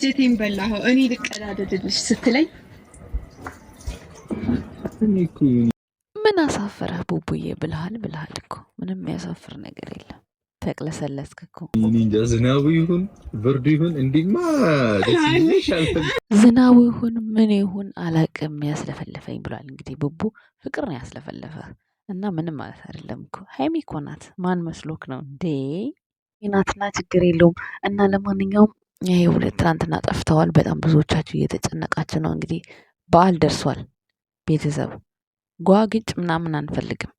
አንጀቴን በላኸው። እኔ ልቀዳደድልሽ ስትለኝ ምን አሳፈረ ቡቡዬ? ብልሃል ብልሃል እኮ ምንም የሚያሳፍር ነገር የለም። ተቅለሰለስክ እኮ። ዝናቡ ይሁን ብርዱ ይሁን እንዲማ ዝናቡ ይሁን ምን ይሁን አላቅም ያስለፈለፈኝ ብሏል። እንግዲህ ቡቡ ፍቅር ነው ያስለፈለፈ እና ምንም ማለት አይደለም እኮ ሀይሚ እኮ ናት። ማን መስሎክ ነው እንዴ? ናትና ችግር የለውም እና ለማንኛውም ይህ ሁለት ትናንትና ጠፍተዋል። በጣም ብዙዎቻችሁ እየተጨነቃችሁ ነው። እንግዲህ በዓል ደርሷል። ቤተሰብ ጓግጭ ምናምን አንፈልግም።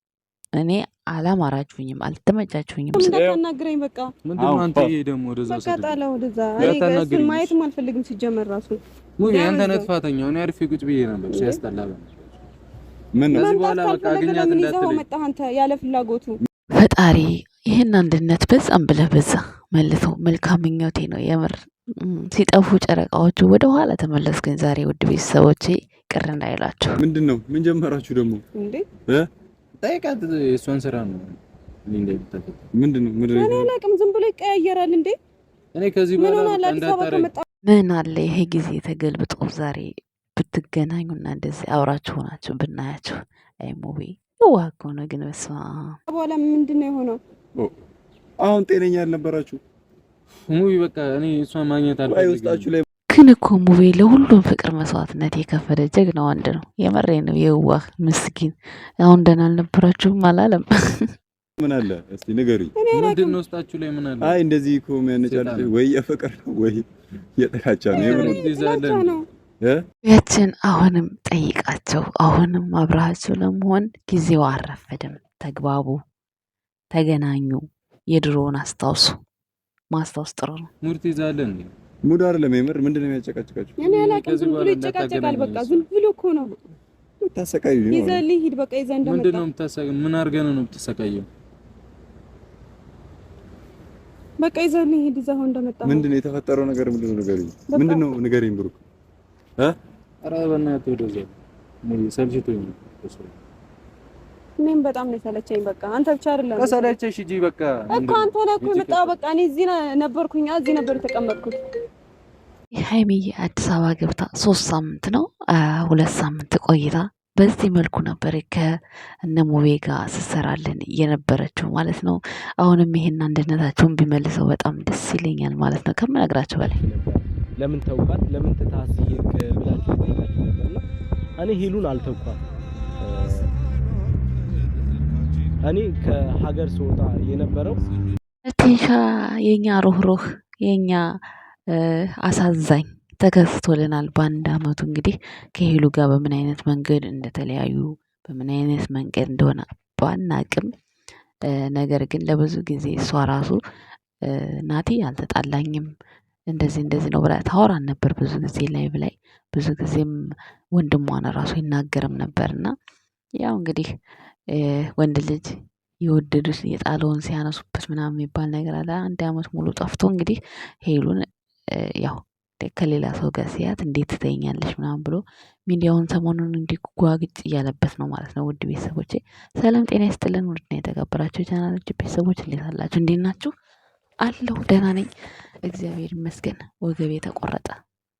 እኔ አላማራችሁኝም፣ አልተመቻችሁኝም። ስለተናገረኝ በቃ ደግሞ ማየትም አልፈልግም። ሲጀመር ራሱ አንተ ነህ ጥፋተኛ። እኔ አሪፍ ቁጭ ብዬ ነበር ሲያስጠላ ያለ ፍላጎቱ ፈጣሪ ይህን አንድነት በዛም ብለህ በዛ መልሰው መልካም ምኞቴ ነው የምር ሲጠፉ ጨረቃዎቹ ወደ ኋላ ተመለስኩኝ። ዛሬ ውድ ቤተሰቦቼ ቅር እንዳይላችሁ። ምንድን ነው ምን ጀመራችሁ ደግሞ ጠይቃት፣ የእሷን ስራ ነው። ምንድን ነው አላውቅም። ዝም ብሎ ይቀያየራል እንዴ። እኔ ከዚህ ምን አለ ይሄ ጊዜ ተገልብጦ ዛሬ ብትገናኙና እንደዚህ አብራችሁ ሆናችሁ ብናያችሁ። አይ ዋ ከሆነ ግን በስመ አብ። በኋላ ምንድን ነው የሆነው? አሁን ጤነኛ አልነበራችሁ ሙቢ በቃ እኔ እሷን ማግኘት አልፈልግም። ግን እኮ ሙቤ ለሁሉም ፍቅር መስዋዕትነት የከፈለ ጀግና ወንድ ነው። የመሬ ነው የዋህ ምስኪን። አሁን ደህና አልነበራችሁም አላለም። ምን አለ እስቲ ንገሩኝ፣ ምንድን ነው ውስጣችሁ ላይ ምን አለ? አይ እንደዚህ እኮ የሚያነጫል ወይ የፍቅር ነው ወይ የጥላቻ ነው። ይዛለን ያችን አሁንም ጠይቃቸው፣ አሁንም አብረሃቸው ለመሆን ጊዜው አረፈደም። ተግባቡ፣ ተገናኙ፣ የድሮውን አስታውሱ። ማስታወስ ጥሩ ነው። ሙድ ትይዛለህ ሙድ አይደለም። የምር ምንድን ነው የሚያጨቃጭቃችሁ? እኔ አላውቅም። ዝም ብሎ ይጨቃጨቃል። በቃ ዝም ብሎ እኮ ነው። ታሰቃዩ ነው። ይዘህልኝ ሂድ። በቃ ይዘህ እንደመጣ ምንድን ነው የምታሰቃየው? ምን አድርገን ነው የምታሰቃየው? በቃ ይዘህልኝ ሂድ። ይዘኸው እንደመጣ ምንድን ነው የተፈጠረው ነገር? ምንድን ነው ንገሪኝ። ምንድን ነው ንገሪኝ ብሩክ። ኧረ በእናትህ ወደ እዛ ሰልችቶኝ ነው እኔም በጣም ነው የሰለቸኝ። በቃ አንተ ብቻ አይደለም ከሰለቸሽ ሂጂ በቃ እኮ አንተ ነህ እኮ የመጣው። በቃ እኔ እዚህ ነበርኩኝ፣ እዚህ ነበር የተቀመጥኩት። ሀይሚዬ አዲስ አበባ ገብታ ሶስት ሳምንት ነው ሁለት ሳምንት ቆይታ በዚህ መልኩ ነበር ከእነ ሙቤ ጋር ስትሰራልን የነበረችው ማለት ነው። አሁንም ይሄን አንድነታቸውን ቢመልሰው በጣም ደስ ይለኛል ማለት ነው ከምነግራቸው በላይ። ለምን ተውኳት? ለምን ትታስ ብላችሁ እኔ ሄሉን አልተውኳት እኔ ከሀገር ስወጣ የነበረው ቴሻ የኛ ሩህሩህ የኛ አሳዛኝ ተከስቶልናል። በአንድ አመቱ እንግዲህ ከሄሉ ጋር በምን አይነት መንገድ እንደተለያዩ በምን አይነት መንገድ እንደሆነ ባናቅም ነገር ግን ለብዙ ጊዜ እሷ ራሱ ናቲ አልተጣላኝም እንደዚህ እንደዚህ ነው ብላ ታወራን ነበር። ብዙ ጊዜ ላይ ብላይ ብዙ ጊዜም ወንድሟን ራሱ ይናገርም ነበር እና ያው እንግዲህ ወንድ ልጅ የወደዱት የጣለውን ሲያነሱበት ምናምን የሚባል ነገር አለ። አንድ አመት ሙሉ ጠፍቶ እንግዲህ ሄሉን ያው ከሌላ ሰው ጋር ሲያት እንዴት ትተኛለች ምናምን ብሎ ሚዲያውን ሰሞኑን እንዲጓግጭ እያለበት ነው ማለት ነው። ውድ ቤተሰቦች ሰላም ጤና ይስጥልን። ውድና የተከበራችሁ ቻናሎች ቤተሰቦች እንዴት አላችሁ? እንዴት ናችሁ? አለሁ ደህና ነኝ እግዚአብሔር ይመስገን። ወገቤ ተቆረጠ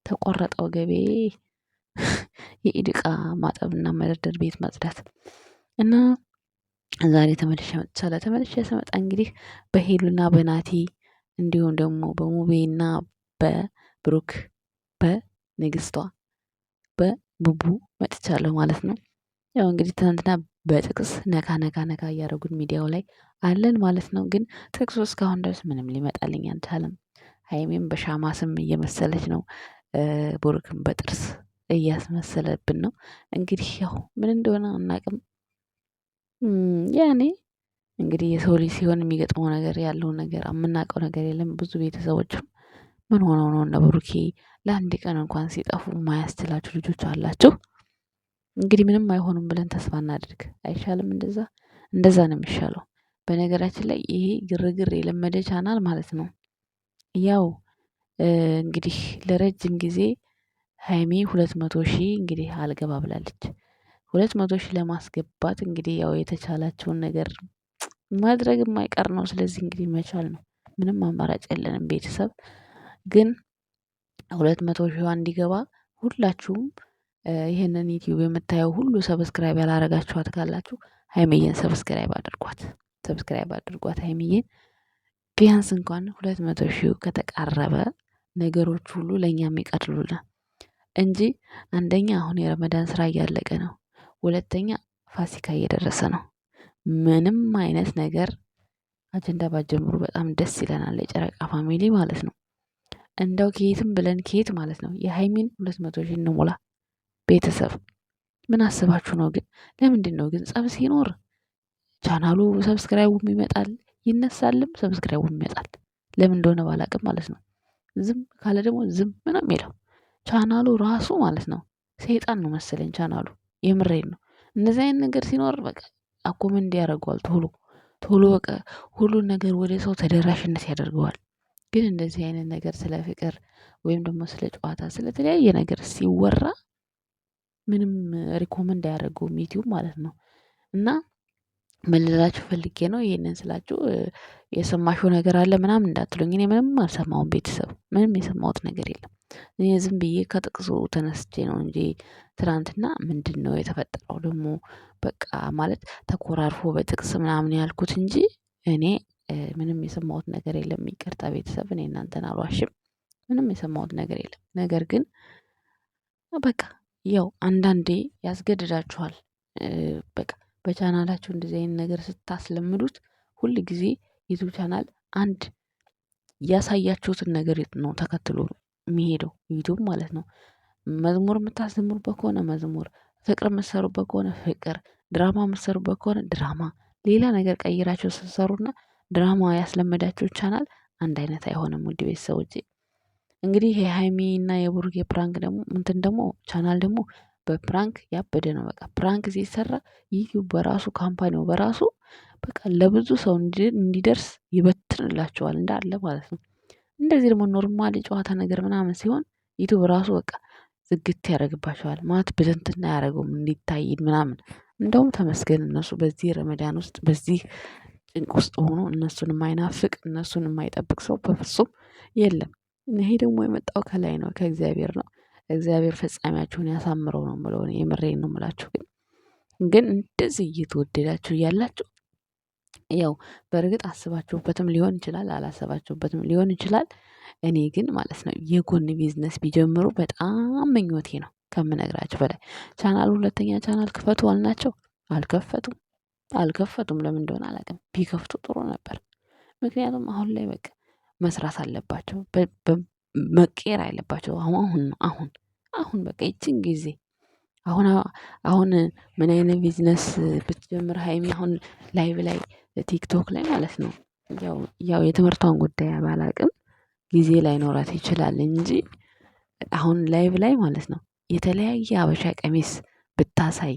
ተቆረጠ ወገቤ የኢድቃ ማጠብና መደርደር ቤት ማጽዳት እና ዛሬ ተመልሼ መጥቻለሁ። ተመልሼ ስመጣ እንግዲህ በሄሉና በናቲ እንዲሁም ደግሞ በሙቤና በብሩክ በንግስቷ በቡቡ መጥቻለሁ ማለት ነው። ያው እንግዲህ ትናንትና በጥቅስ ነካ ነካ ነካ እያደረጉን ሚዲያው ላይ አለን ማለት ነው። ግን ጥቅሱ እስካሁን ድረስ ምንም ሊመጣልኝ አልቻለም። ሀይሜም በሻማ ስም እየመሰለች ነው። ብሩክም በጥርስ እያስመሰለብን ነው። እንግዲህ ያው ምን እንደሆነ አናቅም። ያኔ እንግዲህ የሰው ልጅ ሲሆን የሚገጥመው ነገር ያለውን ነገር የምናውቀው ነገር የለም። ብዙ ቤተሰቦችም ምን ሆነው ነው እነ ብሩኬ ለአንድ ቀን እንኳን ሲጠፉ የማያስችላችሁ ልጆች አላቸው። እንግዲህ ምንም አይሆኑም ብለን ተስፋ እናድርግ። አይሻልም? እንደዛ እንደዛ ነው የሚሻለው። በነገራችን ላይ ይሄ ግርግር የለመደ ቻናል ማለት ነው። ያው እንግዲህ ለረጅም ጊዜ ሀይሜ ሁለት መቶ ሺህ እንግዲህ አልገባ ብላለች። ሁለት መቶ ሺህ ለማስገባት እንግዲህ ያው የተቻላቸውን ነገር ማድረግ የማይቀር ነው። ስለዚህ እንግዲህ መቻል ነው ምንም አማራጭ የለንም። ቤተሰብ ግን ሁለት መቶ ሺህ እንዲገባ ሁላችሁም ይህንን ዩቲዩብ የምታየው ሁሉ ሰብስክራይብ ያላረጋችኋት ካላችሁ ሀይሚዬን ሰብስክራይብ አድርጓት፣ ሰብስክራይብ አድርጓት ሀይሚዬን ቢያንስ እንኳን ሁለት መቶ ሺህ ከተቃረበ ነገሮች ሁሉ ለእኛም ይቀርሉልናል እንጂ አንደኛ አሁን የረመዳን ስራ እያለቀ ነው። ሁለተኛ ፋሲካ እየደረሰ ነው። ምንም አይነት ነገር አጀንዳ ባጀምሩ በጣም ደስ ይለናል። የጨረቃ ፋሚሊ ማለት ነው። እንደው ከየትም ብለን ከየት ማለት ነው የሀይሚን ሁለት መቶ ሺህ እንሞላ። ቤተሰብ ምን አስባችሁ ነው ግን? ለምንድን ነው ግን ጸብ ሲኖር ቻናሉ ሰብስክራይቡም ይመጣል ይነሳልም፣ ሰብስክራይቡም ይመጣል። ለምን እንደሆነ ባላቅም ማለት ነው። ዝም ካለ ደግሞ ዝም ነው የሚለው ቻናሉ ራሱ ማለት ነው። ሰይጣን ነው መሰለኝ ቻናሉ የምሬን ነው። እንደዚህ አይነት ነገር ሲኖር በቃ አኮመንድ ያደርገዋል ቶሎ ቶሎ በቃ ሁሉን ነገር ወደ ሰው ተደራሽነት ያደርገዋል። ግን እንደዚህ አይነት ነገር ስለ ፍቅር ወይም ደግሞ ስለ ጨዋታ ስለተለያየ ነገር ሲወራ ምንም ሪኮመንድ አያደርገውም ዩቲዩብ ማለት ነው። እና ምን ፈልጌ ነው ይሄንን ስላችሁ የሰማሽው ነገር አለ ምናምን እንዳትሉኝ እኔ ምንም አልሰማውን ቤተሰብ ምንም የሰማሁት ነገር የለም እኔ ዝም ብዬ ከጥቅሱ ተነስቼ ነው እንጂ ትናንትና ምንድነው የተፈጠረው ደግሞ በቃ ማለት ተኮራርፎ በጥቅስ ምናምን ያልኩት እንጂ እኔ ምንም የሰማሁት ነገር የለም። ይቅርታ ቤተሰብ እኔ እናንተን አልዋሽም። ምንም የሰማሁት ነገር የለም። ነገር ግን በቃ ያው አንዳንዴ ያስገድዳችኋል። በቃ በቻናላችሁ እንደዚህ አይነት ነገር ስታስለምዱት ሁል ጊዜ ዩቱብ ቻናል አንድ ያሳያችሁትን ነገር ነው ተከትሎ የሚሄደው ዩቱብ ማለት ነው። መዝሙር የምታዘምሩበት ከሆነ መዝሙር ፍቅር የምትሰሩበት ከሆነ ፍቅር ድራማ የምትሰሩበት ከሆነ ድራማ ሌላ ነገር ቀይራቸው ስትሰሩና ድራማ ያስለመዳቸው ቻናል አንድ አይነት አይሆንም። ውድ ቤተሰቦቼ እንግዲህ የሃይሚ እና የብሩኬ ፕራንክ ደግሞ እንትን ደግሞ ቻናል ደግሞ በፕራንክ ያበደ ነው። በቃ ፕራንክ ሲሰራ ዩቲዩብ በራሱ ካምፓኒው በራሱ በቃ ለብዙ ሰው እንዲደርስ ይበትንላቸዋል እንዳለ ማለት ነው። እንደዚህ ደግሞ ኖርማል የጨዋታ ነገር ምናምን ሲሆን ዩቱብ ራሱ በቃ ዝግት ያደርግባቸዋል ማለት ብትንትና አያደርገውም እንዲታይ ምናምን። እንደውም ተመስገን እነሱ በዚህ ረመዳን ውስጥ በዚህ ጭንቅ ውስጥ ሆኖ እነሱን የማይናፍቅ እነሱን የማይጠብቅ ሰው በፍጹም የለም። ይሄ ደግሞ የመጣው ከላይ ነው ከእግዚአብሔር ነው። እግዚአብሔር ፍጻሜያችሁን ያሳምረው ነው የምለው የምሬን ነው ግን ግን እንደዚህ እየተወደዳችሁ እያላችሁ ያው በእርግጥ አስባችሁበትም ሊሆን ይችላል አላሰባችሁበትም ሊሆን ይችላል። እኔ ግን ማለት ነው የጎን ቢዝነስ ቢጀምሩ በጣም ምኞቴ ነው ከምነግራችሁ በላይ ቻናል ሁለተኛ ቻናል ክፈቱ አልናቸው አልከፈቱም አልከፈቱም ለምን እንደሆነ አላውቅም ቢከፍቱ ጥሩ ነበር። ምክንያቱም አሁን ላይ በቃ መስራት አለባቸው። መቀየር አለባቸው አሁን አሁን አሁን በቃ ይችን ጊዜ አሁን አሁን ምን አይነት ቢዝነስ ብትጀምር ሀይሚ አሁን ላይቭ ላይ ቲክቶክ ላይ ማለት ነው። ያው የትምህርቷን ጉዳይ አቅም ጊዜ ላይኖራት ይችላል እንጂ አሁን ላይቭ ላይ ማለት ነው የተለያየ አበሻ ቀሚስ ብታሳይ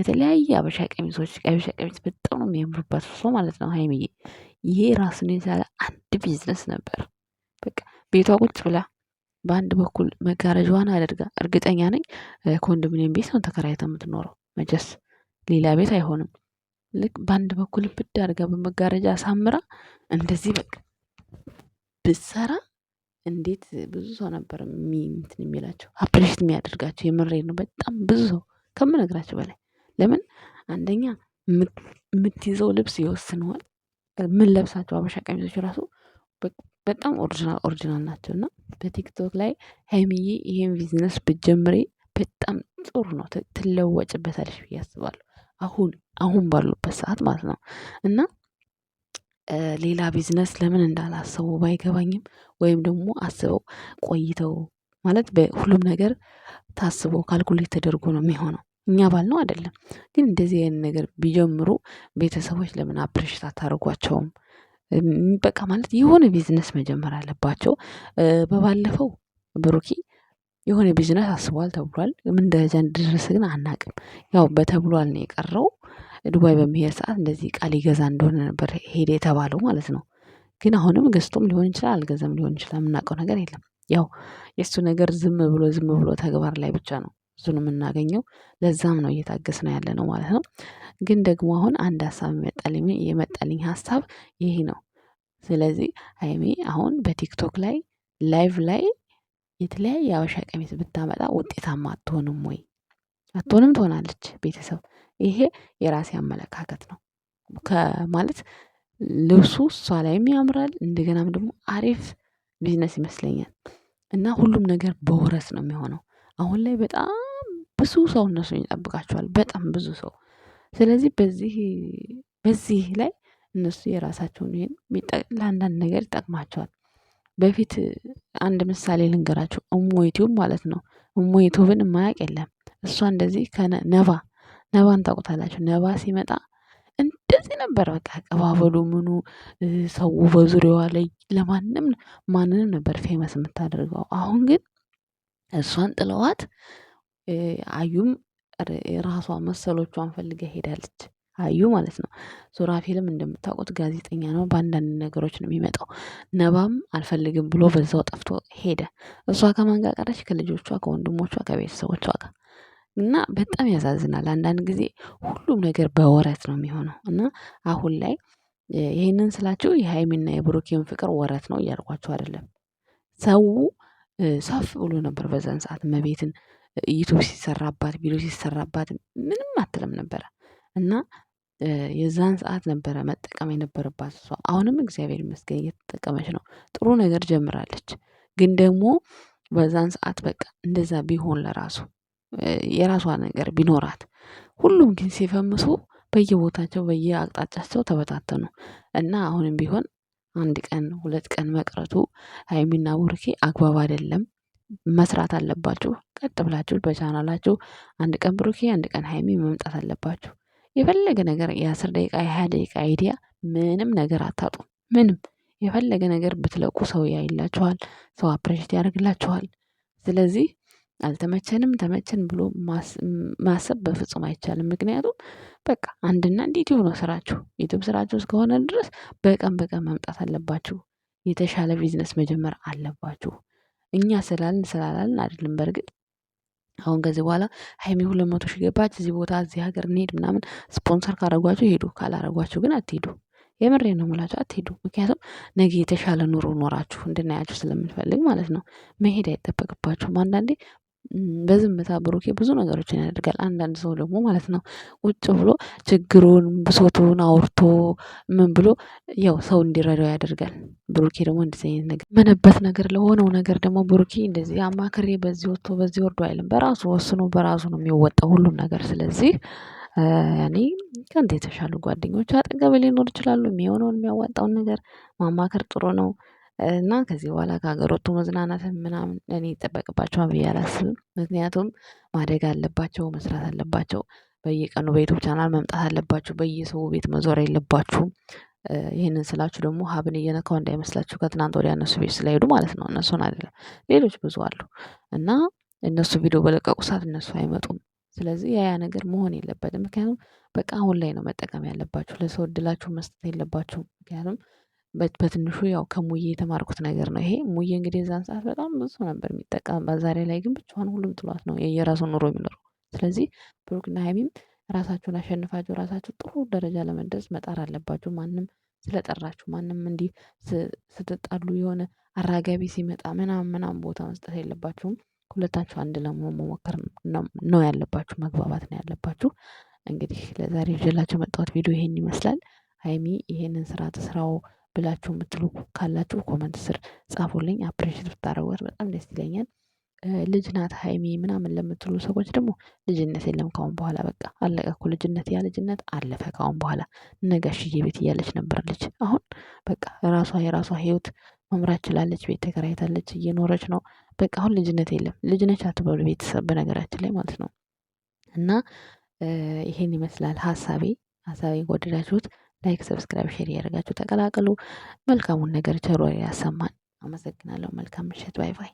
የተለያየ አበሻ ቀሚሶች አበሻ ቀሚስ በጣም ነው የሚያምሩባት ማለት ነው ሀይሚዬ። ይሄ ራሱን የቻለ አንድ ቢዝነስ ነበር። በቃ ቤቷ ቁጭ ብላ በአንድ በኩል መጋረጃዋን አድርጋ እርግጠኛ ነኝ ኮንዶሚኒየም ቤት ነው ተከራይታ የምትኖረው። መቼስ ሌላ ቤት አይሆንም። ልክ በአንድ በኩል ብድ አድርጋ በመጋረጃ አሳምራ እንደዚህ በቃ ብትሰራ እንዴት ብዙ ሰው ነበር እንትን የሚላቸው አፕሬሽት የሚያደርጋቸው። የምሬ ነው። በጣም ብዙ ሰው ከምነግራቸው በላይ ለምን አንደኛ የምትይዘው ልብስ ይወስነዋል። ምን ለብሳቸው አበሻ ቀሚሶች ራሱ በጣም ኦሪጂናል ኦሪጂናል ናቸው። እና በቲክቶክ ላይ ሀይሚዬ ይሄን ቢዝነስ ብጀምሬ በጣም ጥሩ ነው፣ ትለወጭበታለሽ ብዬ አስባለሁ። አሁን አሁን ባሉበት ሰዓት ማለት ነው እና ሌላ ቢዝነስ ለምን እንዳላሰቡ ባይገባኝም ወይም ደግሞ አስበው ቆይተው ማለት በሁሉም ነገር ታስቦ ካልኩሌት ተደርጎ ነው የሚሆነው። እኛ ባልነው አይደለም ግን እንደዚህ አይነት ነገር ቢጀምሩ ቤተሰቦች ለምን አፕሬሽት አታደርጓቸውም? በቃ ማለት የሆነ ቢዝነስ መጀመር አለባቸው። በባለፈው ብሩኪ የሆነ ቢዝነስ አስቧል ተብሏል ምን ደረጃ እንደደረሰ ግን አናቅም። ያው በተብሏል ነው የቀረው ዱባይ በሚሄድ ሰዓት እንደዚህ ቃል ይገዛ እንደሆነ ነበር ሄደ የተባለው ማለት ነው። ግን አሁንም ገዝቶም ሊሆን ይችላል አልገዛም ሊሆን ይችላል የምናውቀው ነገር የለም። ያው የእሱ ነገር ዝም ብሎ ዝም ብሎ ተግባር ላይ ብቻ ነው እሱን የምናገኘው ለዛም ነው ያለ ያለነው ማለት ነው። ግን ደግሞ አሁን አንድ ሀሳብ የመጣልኝ ሀሳብ ይሄ ነው። ስለዚህ ሃይሚ አሁን በቲክቶክ ላይ ላይቭ ላይ የተለያየ አበሻ ቀሚስ ብታመጣ ውጤታማ አትሆንም ወይ? አትሆንም ትሆናለች። ቤተሰብ ይሄ የራሴ አመለካከት ነው። ከማለት ልብሱ እሷ ላይም ያምራል እንደገናም ደግሞ አሪፍ ቢዝነስ ይመስለኛል። እና ሁሉም ነገር በውረት ነው የሚሆነው። አሁን ላይ በጣም ብዙ ሰው እነሱን ይጠብቃቸዋል በጣም ብዙ ሰው። ስለዚህ በዚህ በዚህ ላይ እነሱ የራሳቸውን ይሄን ለአንዳንድ ነገር ይጠቅማቸዋል በፊት አንድ ምሳሌ ልንገራችሁ። እሞይቱብ ማለት ነው። እሞይቱብን የማያውቅ የለም። እሷ እንደዚህ ነባ ነባን ታውቁታላችሁ። ነባ ሲመጣ እንደዚህ ነበር። በቃ አቀባበሉ ምኑ፣ ሰው በዙሪያዋ ላይ ለማንም ማንንም ነበር ፌመስ የምታደርገው። አሁን ግን እሷን ጥለዋት አዩም ራሷ መሰሎቿን ፈልጋ ሄዳለች። አዩ ማለት ነው። ሱራፌልም እንደምታውቁት ጋዜጠኛ ነው። በአንዳንድ ነገሮች ነው የሚመጣው። ነባም አልፈልግም ብሎ በዛው ጠፍቶ ሄደ። እሷ ከማን ጋር ቀረች? ከልጆቿ፣ ከወንድሞቿ፣ ከቤተሰቦቿ ጋር እና በጣም ያሳዝናል። አንዳንድ ጊዜ ሁሉም ነገር በወረት ነው የሚሆነው እና አሁን ላይ ይህንን ስላችሁ የሀይሚና የብሩኬን ፍቅር ወረት ነው እያልኳቸው አይደለም። ሰው ሰፍ ብሎ ነበር በዛን ሰዓት መቤትን ዩቱብ ሲሰራባት ቪዲዮ ሲሰራባት ምንም አትልም ነበረ። እና የዛን ሰዓት ነበረ መጠቀም የነበረባት እሷ። አሁንም እግዚአብሔር ይመስገን እየተጠቀመች ነው ጥሩ ነገር ጀምራለች። ግን ደግሞ በዛን ሰዓት በቃ እንደዛ ቢሆን ለራሱ የራሷ ነገር ቢኖራት ሁሉም ግን ሲፈምሱ በየቦታቸው በየአቅጣጫቸው ተበታተኑ። እና አሁንም ቢሆን አንድ ቀን ሁለት ቀን መቅረቱ ሀይሚና ብሩኬ አግባብ አይደለም። መስራት አለባችሁ ቀጥ ብላችሁ በቻናላችሁ አንድ ቀን ብሩኬ አንድ ቀን ሀይሚ መምጣት አለባችሁ የፈለገ ነገር የአስር ደቂቃ የሃያ ደቂቃ አይዲያ ምንም ነገር አታጡም ምንም የፈለገ ነገር ብትለቁ ሰው ያይላችኋል ሰው አፕሬሽት ያደርግላችኋል። ስለዚህ አልተመቸንም ተመቸን ብሎ ማሰብ በፍጹም አይቻልም። ምክንያቱም በቃ አንድና አንድ ዩቲዩብ ነው ስራችሁ ዩቲዩብ ስራችሁ እስከሆነ ድረስ በቀን በቀን መምጣት አለባችሁ። የተሻለ ቢዝነስ መጀመር አለባችሁ። እኛ ስላልን ስላላልን አይደለም በርግጥ አሁን ከዚህ በኋላ ሀይሚ ሁለት መቶ ሺህ ገባች፣ እዚህ ቦታ እዚህ ሀገር እንሄድ ምናምን ስፖንሰር ካረጓችሁ ሄዱ፣ ካላረጓችሁ ግን አትሄዱ። የምሬ ነው ምላችሁ አትሄዱ። ምክንያቱም ነገ የተሻለ ኑሮ ኖራችሁ እንድናያችሁ ስለምንፈልግ ማለት ነው። መሄድ አይጠበቅባችሁም። አንዳንዴ በዝምታ ብሩኬ ብዙ ነገሮችን ያደርጋል። አንዳንድ ሰው ደግሞ ማለት ነው ቁጭ ብሎ ችግሩን ብሶቱን አውርቶ ምን ብሎ ያው ሰው እንዲረዳው ያደርጋል። ብሩኬ ደግሞ እንደዚህ አይነት ነገር መነበት ነገር ለሆነው ነገር ደግሞ ብሩኬ እንደዚህ አማክሬ በዚህ ወጥቶ በዚህ ወርዶ አይልም። በራሱ ወስኖ በራሱ ነው የሚወጣው ሁሉም ነገር። ስለዚህ ያኔ ከአንተ የተሻሉ ጓደኞች አጠገብ ሊኖር ይችላሉ። የሚሆነውን የሚያዋጣውን ነገር ማማከር ጥሩ ነው። እና ከዚህ በኋላ ከሀገር ወጥቶ መዝናናትን ምናምን እኔ ይጠበቅባቸዋል ብዬ አላስብም። ምክንያቱም ማደግ አለባቸው መስራት አለባቸው በየቀኑ በዩቱብ ቻናል መምጣት አለባችሁ በየሰው ቤት መዞር የለባችሁም። ይህንን ስላችሁ ደግሞ ሀብን እየነካው እንዳይመስላችሁ ከትናንት ወዲያ እነሱ ቤት ስለሄዱ ማለት ነው እነሱን አይደለም ሌሎች ብዙ አሉ እና እነሱ ቪዲዮ በለቀቁ ሰዓት እነሱ አይመጡም። ስለዚህ ያ ነገር መሆን የለበትም ምክንያቱም በቃ አሁን ላይ ነው መጠቀም ያለባችሁ ለሰው እድላችሁ መስጠት የለባችሁም ምክንያቱም በትንሹ ያው ከሙዬ የተማርኩት ነገር ነው። ይሄ ሙዬ እንግዲህ የዛን ሰዓት በጣም ብዙ ሰው ነበር የሚጠቀምባት። ዛሬ ላይ ግን ብቻዋን ሁሉም ጥሏት ነው የየራሱን ኑሮ የሚኖረው። ስለዚህ ብሩክና ሀይሚም ራሳችሁን አሸንፋችሁ ራሳችሁ ጥሩ ደረጃ ለመድረስ መጣር አለባችሁ። ማንም ስለጠራችሁ ማንም እንዲህ ስትጣሉ የሆነ አራጋቢ ሲመጣ ምናም ምናም ቦታ መስጠት የለባችሁም። ሁለታችሁ አንድ ለመሆን መሞከር ነው ያለባችሁ። መግባባት ነው ያለባችሁ። እንግዲህ ለዛሬ ይዤላችሁ የመጣሁት ቪዲዮ ይሄን ይመስላል። ሀይሚ ይሄንን ስራ ትስራው ብላችሁ የምትሉ ካላችሁ ኮመንት ስር ጻፉልኝ። አፕሬሽን ብታረጓት በጣም ደስ ይለኛል። ልጅ ናት ሀይሚ ምናምን ለምትሉ ሰዎች ደግሞ ልጅነት የለም ካሁን በኋላ በቃ አለቀ እኮ ልጅነት፣ ያ ልጅነት አለፈ ካሁን በኋላ። ነጋሽዬ ቤት እያለች ነበር ልጅ። አሁን በቃ ራሷ የራሷ ህይወት መምራት ችላለች። ቤት ተከራይታለች፣ እየኖረች ነው። በቃ አሁን ልጅነት የለም። ልጅነች አትበሉ ቤተሰብ፣ በነገራችን ላይ ማለት ነው። እና ይሄን ይመስላል ሀሳቤ። ሀሳቤ ወደዳችሁት ላይክ፣ ሰብስክራይብ፣ ሼር እያደረጋችሁ ተቀላቅሉ። መልካሙን ነገር ቸሮ ያሰማን። አመሰግናለሁ። መልካም ምሽት። ባይ ባይ።